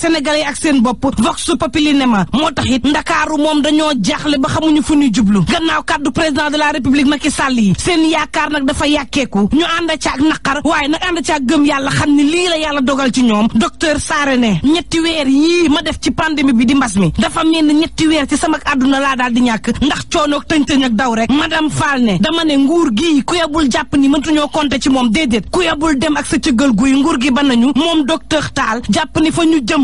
sénégalais ak seen bopp vox populi ne ma moo tax it ndakaaru moom dañoo jaaxle ba xamuñu fu ñu jublu gannaaw kàddu président de la république Macky sàll yi seen yaakaar nag dafa yàkkeeku ñu ànd ca ak naqar waaye nag ànd ca ak gëm yàlla xam ni lii la yàlla dogal ci ñoom docteur Saare ne ñetti weer yii ma def ci pandémie bi di mbas mi dafa mel ni ñetti weer ci sama àdduna laa daal di ñàkk ndax coonoog tëñ-tëñ ak daw rek madame Fall ne dama ne nguur gii ku yebul jàpp ni mëntuñoo compter ci moom déedéet ku yebul dem ak sa cëggal guy nguur gi ba nañu moom docteur Tall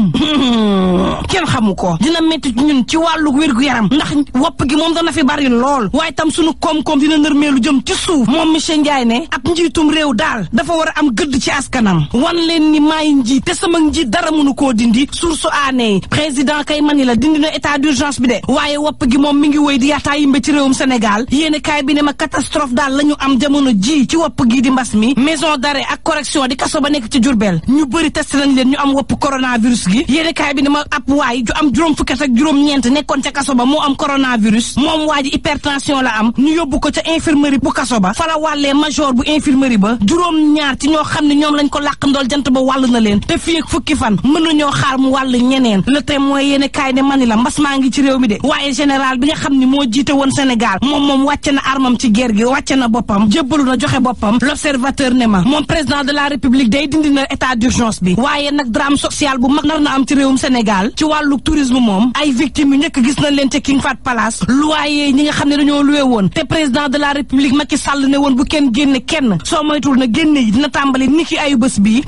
moom kenn xamu ko dina metti ñun ci wàllu wér-gu-yaram ndax wopp gi moom dana fi bari lool waaye tam sunu koom-koom dina nërmeelu jëm ci suuf moom monsieur Ndiaye ne ab njiitum réew daal dafa war a am gëdd ci askanam wan leen ni maay njiit te sama njiit dara mënu koo dindi source aaneyi président kay mani la dindi na état d'urgence bi de waaye wopp gi moom mi ngi woy di yaataa yimbe ci réewum Sénégal yéene kaay bi ne ma catastrophe daal la ñu am jamono ji ci wopp gi di mbas mi maison d'arrêt ak correction di kaso ba nekk ci Jurbel ñu bëri test nañ leen ñu am wopp coronavirus gi gi yéen kaay bi dama ab waay ju am juróom fukki at ak juróom-ñeent nekkoon ca kaso ba moo am coronavirus moom waa hypertension la am ñu yóbbu ko ca infirmerie bu kaso ba fa la wàllee bu infirmerie ba juróom-ñaar ci ñoo xam ne ñoom lañ ko làq ndool jant ba wàll na leen te fii fukki fan mënuñoo xaar mu wàll ñeneen le témoin yéen kaay ne mani la mbas maa ngi ci réew mi de waaye général bi nga xam ne moo jiite woon Sénégal moom moom wàcce na armam ci guerre gi wàcce na boppam jébbalu na joxe boppam l'observateur ma moom président de la république day dindi na état d'urgence bi waaye nag drame na am ci réewum Sénégal ci wàllu nañ leen ca King Fahd Palace ne dañoo loué woon te président de la république Macky Sall ne woon bu kenn génne kenn soo moytul na génne yi dina tàmbali ni ki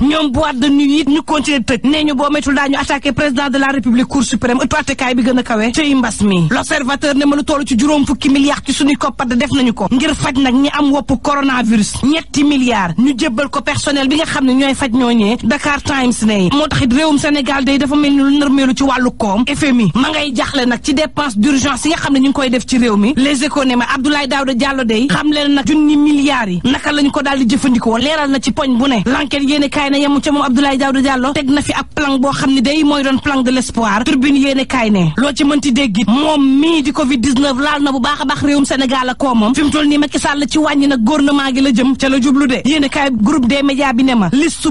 ñoom boîte de nuit it ñu continuer tëj nee ñu boo moytul daañu attaqué président de la république cour suprême ëttu attekaay bi gën a kawe ci mbas mi l'observateur ne ma lu toll ci juróom fukki milliards ci suñuy koppar de def nañu ko ngir faj nag ñi am wopp coronavirus ñetti milliards ñu jébbal ko personnel bi nga xam ne ñooy faj ñooñee Dakar Times ne moo taxit réewum Sénégal day dafa mel ni lu nërmeelu ci wàllu koom FMI ma ngay jaxle nag ci dépense d'urgence yi nga xam ne ñu ngi koy def ci réew mi les économies Abdoulaye Daouda Diallo day xam leen nag junni milliards yi naka lañu ko daal ci moom Abdoulaye Daouda Diallo teg na fi ab plan boo xam ne day mooy doon plan de l'espoir turbine yéene kaay ne loo ci mënti dégg moom mii di covid 19 laal na bu baax baax réewum Sénégal ak koomam fi toll nii Macky ci wàññi nag gouvernement gi la jëm ca la jublu de yéene kaay groupe des bi ne ma liste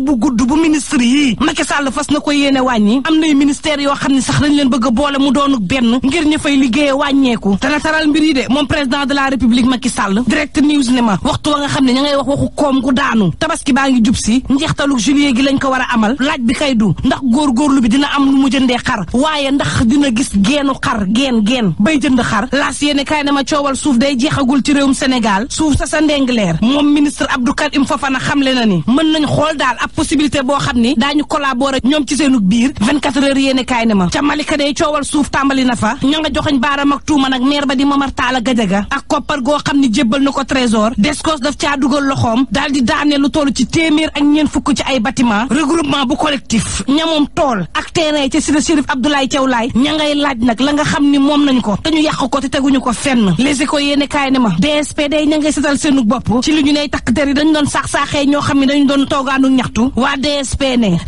nii am nay ministère yoo xam ne sax dañ leen bëgg boole mu doonu benn ngir ñu fay liggéeye wàññeeku dana taral mbir de moom président de la république Macky Sall direct news ne ma waxtu wa nga xam ne ña ngay wax waxu koom gu daanu tabaski baa ngi jub si njeextalu juillet gi lañ ko war a amal laaj bi kay du ndax góorgóorlu bi dina am lu mu jënde xar waaye ndax dina gis geenu xar geen geen bay jënd xar laas yéene kaay na ma coowal suuf day jeexagul ci réewum Sénégal suuf sa sa ndengleer moom ministre Abdou Karim Fofana xamle na ni mën nañ xool daal ab possibilité boo xam ni daañu collaborer ñoom ci seenu biir biir 24 heures yéene kaay ne ma ca Malika day coowal suuf tàmbali na fa ña nga joxeñ baaram ak tuuma nag maire ba di Momar Talla Gadiaga ak koppar goo xam ne jébbal na ko trésor descos daf caa dugal loxoom daal di daane lu toll ci téeméer ak ñeen fukk ci ay bâtiment regroupement bu collectif ña tool ak terrain yi ca Cité Chérif Abdoulaye Thiaw Laye laaj nag la nga xam ni moom nañ ko te ñu yàq ko te teguñu ko fenn les échos yéene kaay ne ma DSP day ña ngay setal seenu ñu ney takk der yi dañ doon sax-saaxee ñoo xam ne dañu doon toogaanu ñaxtu waa DSP ne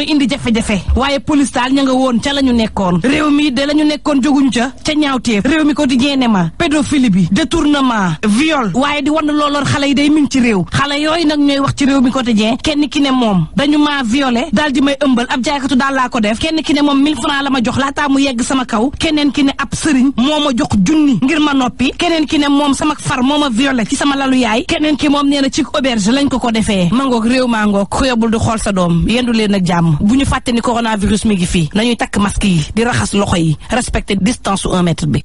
mooy indi jafe-jafe waaye police daal ña nga woon ca la ñu nekkoon réew mi de la nekkoon jóguñu ca ca ñaawteef réew mi quotidien ne ma pédophilie bi détournement viol waaye di wan looloon xale yi day mi ci réew xale yooyu nag ñooy wax ci réew mi quotidien kenn ki ne moom dañu maa violé daal di may ëmbal ab jaaykatu daal laa ko def kenn ki ne moom 1000 francs la ma jox laataa mu yegg sama kaw keneen ki ne ab sëriñ moo ma jox junni ngir ma noppi keneen ki ne moom sama far moo ma violé ci sama lalu yaay keneen ki moom nee na ci auberge bu ñu fàtte ni coronavirus mi ngi na ñuy takk masque yi di raxas loxo yi respecter distance su un bi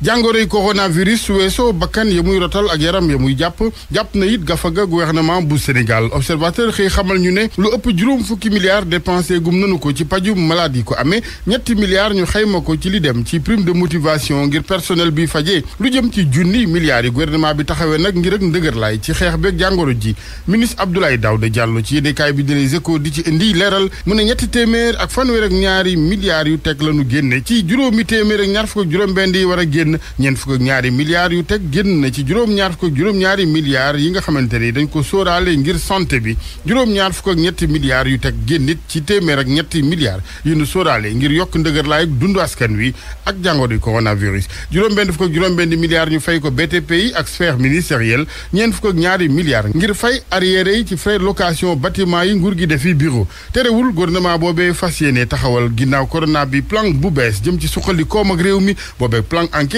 jàngoro jàngoroy coronavirus weesoo bakkan ya muy rotal ak yaram ya muy jàpp jàpp na it gafaga gouvernement bu Sénégal observateur xëy xamal ñu ne lu ëpp juróom fukki milliards dépensé gum nanu ko ci pajum maladie ko ame ñetti milliards ñu xayma ko ci li dem ci prime de motivation ngir personnel bi fajee lu jëm ci junni milliards yi gouvernement bi taxawee nag ngir ak ndëgërlaay ci xeex beeg jàngoro ji ministre Abdoulaye Daouda Diallo ci yéenekaay bi di Les di ci indi leeral mu ne ñetti téeméer ak fanweer ak ñaari milliards yu teg la ñu génne ci juróomi téeméer ak ñaar fukk juróom-benn yi war a génn génn ñeent fukk ak ñaari milliards yu teg génn na ci juróom-ñaar fukk ak juróom-ñaari milliards yi nga xamante ni dañ ko sóoraale ngir santé bi juróom-ñaar fukk ak ñetti milliards yu teg génnit ci téeméer ak ñetti milliards yu nu sóoraale ngir yokk ndëgër laay dundu askan wi ak jàngoro yi coronavirus juróom-benn fukk juróom-benn milliards ñu fay ko BTP yi ak sphère ministérielle ñeent fukk ñaari milliards ngir fay arriéré yi ci frais location bâtiment yi nguur gi defi bureau terewul gouvernement boobee fas yéene taxawal ginnaaw corona bi plan bu bees jëm ci suqali koom mi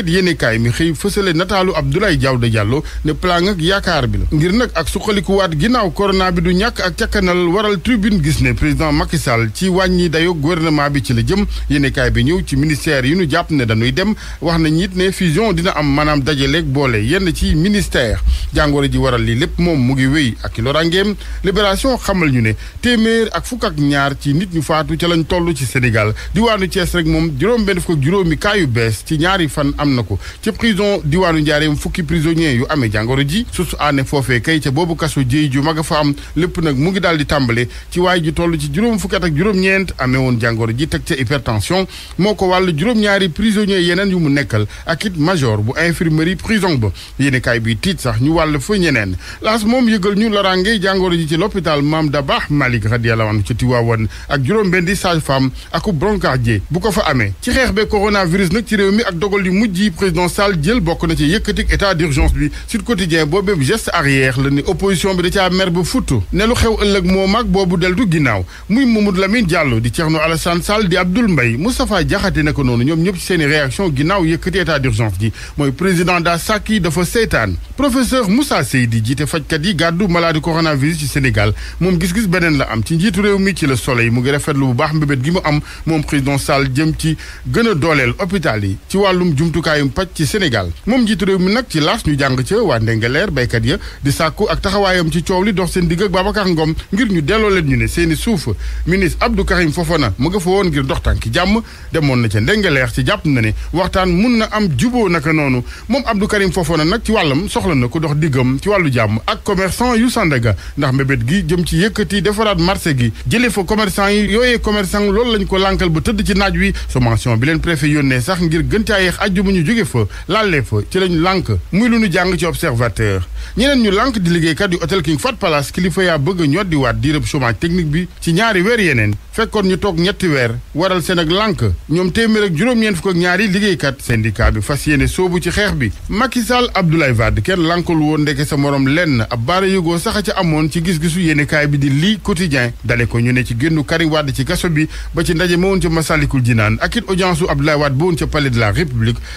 enquête yéenekaay mi xëy fësale nataalu Abdoulaye Daouda Diallo ne plan ak yaakaar bi la ngir nag ak suqalikuwaat ginnaaw corona bi du ñàkk ak cakkanal waral tribune gis ne président Macky Sall ci wàññi dayo gouvernement bi ci la jëm yéenekaay bi ñëw ci ministère yi ñu jàpp ne dañuy dem wax nañ it ne fusion dina am maanaam dajaleeg boole yenn ci ministère jàngoro ji waral lii lépp moom mu ngi wéy ak loraangeem libération xamal ñu ne téeméer ak fukk ak ñaar ci nit ñu faatu ca lañ ci Sénégal diwaanu Thiès moom juróom benn bees ci ñaari fan am na ko ca prison diwaanu njaareem fukki prisonnier yu amee jàngoro ji sus foofee kay ca boobu kaso jéy ju mag a lépp nag mu ngi daal di tàmbale ci waay ju toll ci juróom fukki ak juróom-ñeent amee woon jàngoro ji teg ca hypertension moo ko wàll juróom-ñaari prisonnier yeneen yu mu nekkal ak it major bu infirmerie prison ba yéene kaay bi tiit sax ñu wàll fa ñeneen laas moom yëgal ñu loraange jàngoro ji ci l'hôpital Maam Dabaax Malick radiyallahu anhu ji président Sall jël bokk na ci yëkkatik état d'urgence bi Sud Quotidien boobu geste arrière la ni opposition bi da caa mer ba futt ne lu xew ëllëg moo mag boobu deltu ginnaaw muy Mamadou Lamine Diallo di Thierno Alassane Sall di Abdoul Mbaye Moustapha Diakhaté ne ko noonu ñoom ñëpp ci seeni réaction ginnaaw yëkkati état d'urgence ji mooy président daa sàkk yi dafa seytaan professeur Moussa Seydi jiite fajkat yi gàddu maladie coronavirus ci Sénégal moom gis-gis beneen la am ci njiitu réew mi ci Le Soleil mu ngi rafetlu bu baax mbébét gi mu am moom président Sall jëm ci gën dooleel hôpital yi ci wàllum jumtukaayum paj ci Sénégal moom njiitu réew mi nag ci laas ñu jàng ca waa Ndengeleer béykat ya di sàkku ak taxawaayam ci coow li dox seen digg ak Babacar Ngom ngir ñu delloo leen ñu ne seeni suuf ministre Abdou Karim Fofana mu nga fa woon ngir dox tànki jàmm demoon na ca Ndengeleer ci jàpp na ne waxtaan mun na am juboo naka noonu moom Abdou Karim Fofana nag ci wàllam soxla na ko dox diggam ci wàllu jàmm ak commerçant yu Sandaga ndax mbébét gi jëm ci yëkkati defaraat marché gi ñu jóge fa laalee fa ci lañ lànk muy lu ñu jàng ci observateur ñeneen ñu lànk di liggéeykat yu hôtel King Fahd Palace kilifa yaa bëgg a ñoddi waat diirëb technique bi ci ñaari weer yeneen fekkoon ñu toog ñetti weer waral seen ak lànk ñoom téeméer ak juróom-ñeent fukk ak ñaari liggéeykat syndicat bi fas yéene soobu ci xeex bi Macky Sall Abdoulaye Wade kenn lànkul woon ndeke sa morom lenn ab baara yëgoo sax ca amoon ci gis-gisu yéenekaay bi di lii quotidien dale ko ñu ne ci génnu Karim Wade ci kaso bi ba ci ndaje u Abdoulaye Wade ba woon ca palais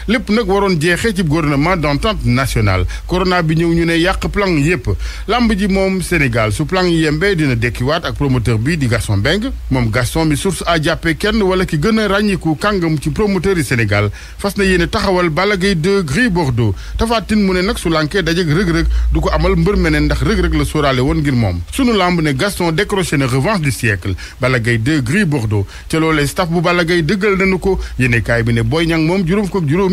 lépp nag waroon jeexee ci gouvernement d'entente nationale corona bi ñëw ñu ne yàq plan yépp làmb ji moom Sénégal su plan yi yembe dina dekkiwaat ak promoteur bi di Gaston Mbengue moom Gaston mi source a jàppee kenn wala ki gën a ràññiku kàngam ci promoteur yi Sénégal fas na yéene taxawal Balla Gaye 2 Gris Bordeaux tafaatin mu ne nag su lankee dajeg rëg-rëg du ko amal mbër meneen ndax rëg-rëg la sóoraale woon ngir moom sunu lamb ne Gaston décroché na revanche du siècle Balla Gaye 2 Gris Bordeaux ca loolee staff bu Balla ko yéene bi ne Boy Niang moom juróom ko juróom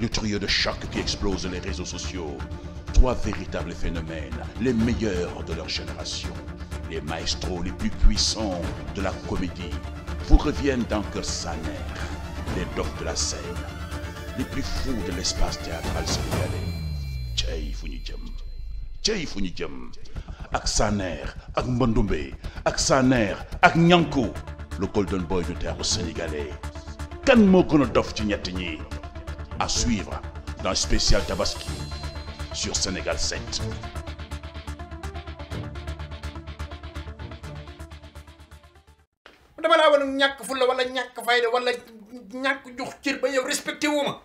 le trio de choc qui explose les réseaux sociaux. Trois véritables phénomènes, les meilleurs de leur génération, les maestros les plus puissants de la comédie, vous reviennent dans que sa mère, les docs de la scène, les plus fous de l'espace théâtral sénégalais. cey fu ñu jëm cey fu ñu ak Saner ak Mbondoumbe ak Saner ak Ñankou le golden boy du théâtre sénégalais kan moo gën a dof ci ñett ñi À suivre dans Spécial Tabaski sur Sénégal 7. dama laa wala ñàkk fulla wala ñàkk fayda wala ñàkk jox cër ba yow respecté wu ma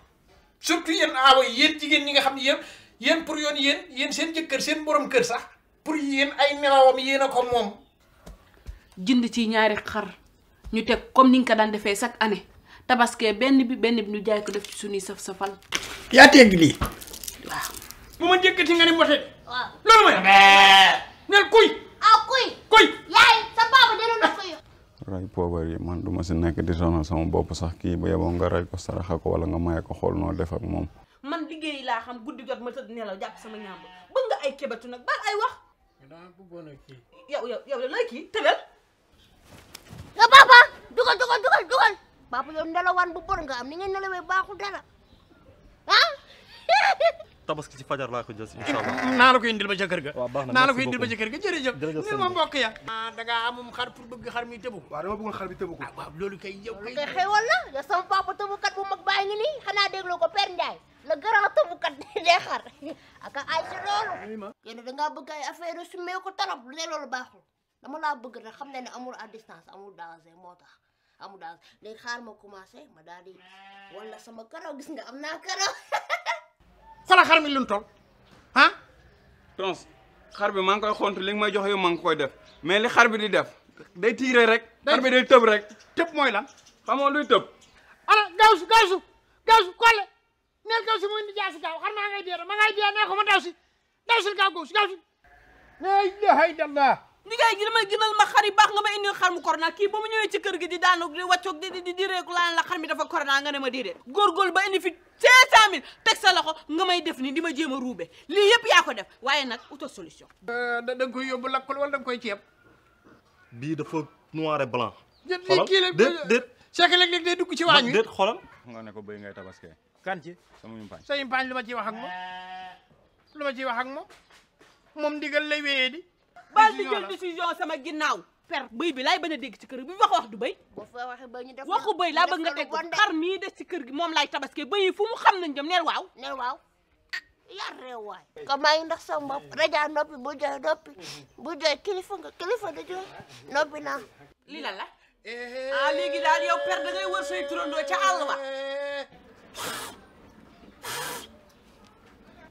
surtout yéen aawa yéen jigéen ñi nga xam ne yéen yéen pour yoon yéen yéen seen jëkkër seen borom kër sax pour yéen ay nelawam yéen a ko moom. jënd ci ñaari xar ñu teg comme ni nga ko daan defee chaque année. tabaskee benn bi benn bi ñu jaay ko def ci suñuy saf safal. yaa tegg lii. bu ma jëkkati nga ni mbote. waaw loolu mooy. neel kuy. ah kuy. kuy. yaay sa papa delloo na kuy. ray poobar yi man du ma nekk di sonal sama sax kii bu yeboo nga ko saraxa ko wala nga maye ko xool noo def moom. man liggéey laa xam guddi jot ma tëdd nelaw jàpp sama ñaam bëgg nga ay kebatu nag baal ay wax. dama bëggoon a kii. kii tëbel. nga papa dugal dugal dugal. papa yow nelawaan bu bon nga am ni nga nelawee baaxul dara ah. tabaski ci fajar laa ko jël naa la ko indil ba ba ca ga jërëjëf. jërëjëf sëñ bi ma mbokk ya. bëgg xar mi tëbu. waaw dama bëggoon xar mi tëbu ko. ah bu mag baa ngi nii xanaa dégloo ko Père Ndiaye le grand tëbukat day xar ak ay ci loolu. yéen da ngaa bëgg ay affaire ko trop lu ne loolu baaxul dama laa bëgg rek xam ne amul à amul danger moo tax am daal léegi xaar ma commencé ma daal wala sama karaw gis nga am naa karaw. xoolal xar mi lu mu toll ah. tons xar bi maa ngi koy xontu li nga may jox yow maa koy def mais li xar bi di def day tiire rek. xar bi day tëb rek. tëb mooy lan xamoo luy tëb. ana gawsu gawsu gawsu kolle neel gawsu mu indi jaasi gaaw xar maa ngay dee ma ngay dee nee ko ma daw si daw si gaaw gawsu gawsu. la ilaha illallah. li ngay gën ma gënal ma xar yi baax nga ma indil xar mu corona kii ba mu ñëwee ci kër gi di daanu di wàccoog di di di réeku laa la xar mi dafa nga ba indi fi 500000 teg sa loxo nga may def nii di ma jéem a ruube lii yëpp yaa ko def waaye nag auto solution euh, da nga koy yóbbu lakkul wala da nga koy ceeb bii dafa noir et blanc xoolal déet déet Cheikh léeg-léeg day dugg ci waañ wi déet xoolal nga ne ko bëy ngay tabaskee kan ci sama yumpaañ sa yumpaañ lu ma ciy wax moom lu ma ciy wax ak moom moom ndigal lay wéyee di baal di jël décision sama ginnaaw per bëy bi laay bañ a dégg ci kër gi bu wax wax du bëy waxu bëy laa bëgg nga teg xar mii des si kër gi moom laay tabaske bëy yi fu mu xam nañ jëm neel waaw neel waaw yar réew waay comme maa ngi ndax sama bopp rajaa noppi bu jooy noppi bu jooy kilifa nga kilifa da jooy noppi naa lii lan la ah léegi daal yow per da ngay wër say turandoo ca àll wa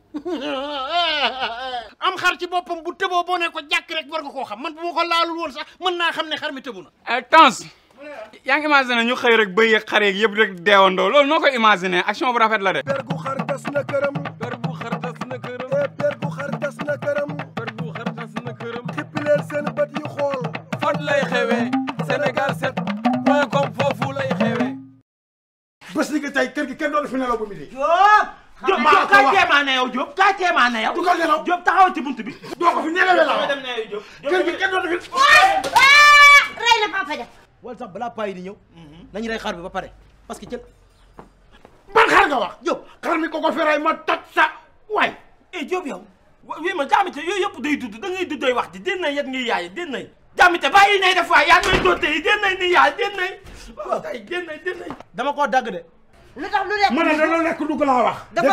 am xar ci boppam bu tëboo boo ne ko jàkk rek war nga koo xam man bu ma ko laalul woon sax mën naa xam ne xar mi tëbu na. Eh, Tange yaa ngi imaginer ñu xëy rek bëy yeeg xar yeeg yëpp rek deewandoo loolu noo koy imaginer action bu rafet la de. per gu xar des na këram. per gu xar des na këram. Eh, per gu xar na këram. per gu xar des xool. fan lay xewee Sénégal 7 point com foofu lay xewee. bés ni que tey kër gi kenn doon fi nelaw Diop maa ko wax Diop kaay téemaa na yow ci buntu bi. doo ko fi ñebe la dem na yow Diop. kër gi kenn dootu ah! di ñëw. Mhm. nañu rey xar bi ba pare parce que ca. ban xar nga wax Diop. xar mi ko ko fi rey ma toj sa waay. eh Diop yow wii ma jaamite yooyu yëpp day dudd da ngay duddooy wax ji den na yet ngay yaay den na jaamite bàyyi nay def waay yaa ngi may doote yi den na ni yaay den na. waaw kay dama koo dagg de. lu tax lu lekk ma ne dana lekk dugg laa wax. lekk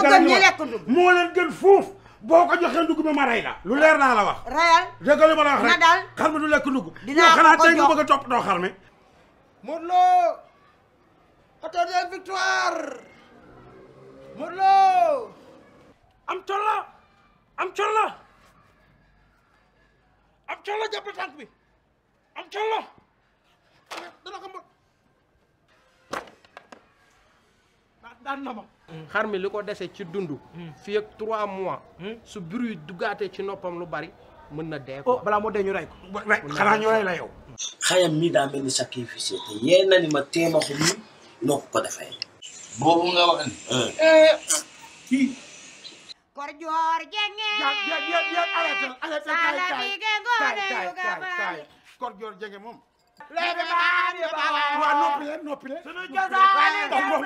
dugg moo leen gën fuuf boo ko joxee dugg bi ma rey lu leer na la wax. reyal dégg li ma la wax rek daal xar mi du lekk dugg. dinaa ko xanaa tey na bëgg a topp doo xar mi. Modou Lo quatorzième am col la am col la am col la la dana daan na ma. xar mi li ko dese ci dund. Hmm. fii ak trois mois. Hmm. su bruit duggaatee ci noppam lu bari mën na dee ko. Oh, balaa moo dee ñu rey ko. xanaa ñu rey la yow. xayam mi daa mel ni sacrifice te yee na ni ma téema ko nii noo ko ko defee. boobu nga wax ni. Eh. Eh. kor joor jenge. kor joor jenge moom. léegi baax na baax na. waaw noppi leen noppi leen. sunu jotaale.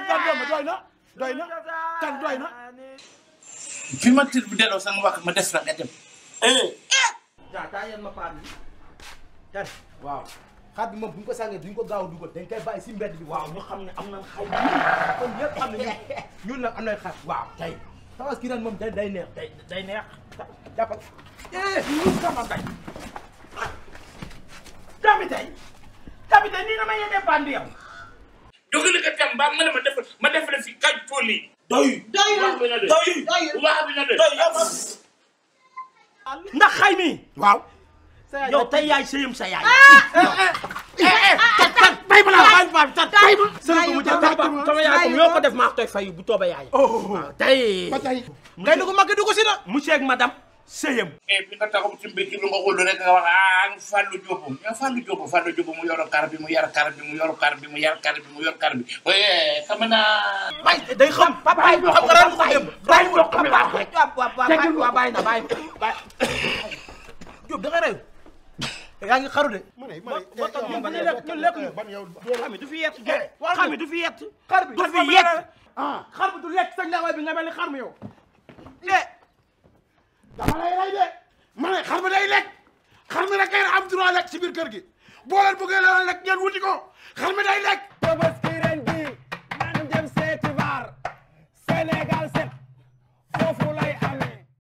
doy na. doy na kan doy na. fi ma tir bi delloo sama wax ma des la nga dem. Eh! jaa taa yéen ma paat bi. tey waaw xaat bi moom bu ñu ko sàngee duñ ko gaaw a dugal dañ koy si mbedd bi waaw ñu xam ne am nañ xaw kon ñëpp xam ne ñun nag am nañ xaat waaw tey tabaski ren day day neex day day neex jàppal eh ñu sama mbay tamit tey tamit tey nii na ma yéenee bandi dogali ka tam ba ma ne ma def ma def la fi kaj tool doyul doyul doyul doyul wax bi na de ndax xay mi waaw. yow tey yaay mu sa yaay. bay ma la bay ma la bay ma. sëriñ bu jël sama yaay ñoo ko def maa koy fay bu tooba yaay. Oh. tey. tey lu ko mag du ko si na. monsieur sëyam et eh, bi nga taxaw ci mbir bi nga xullu rek nga wax ah Fallou Diop ñoo Fallou Diop mu yor kar bi mu yar kar bi mu yor kar bi mu yar kar bi mu yor kar bi waaye eh, xam naa bay day xam papa yi xam nga daan ko dem bàyyi ko xam baax rek waaw waaw waaw bàyyi na bàyyi Diop da nga rew yaa ngi xaru de du fi yett xam du fi yett xar bi du fi yett xar bi ah. sa ñaawaay bi nga mel ni xar mi yow eh, dama lay rey de ma ne xar mi day lekk xar mi rek ngeen am droit lekk si biir kër gi boo leen bëggee la lekk ngeen wuti ko xar mi day lekk. Tabaski ren bi nañu dem seeti waar Sénégal.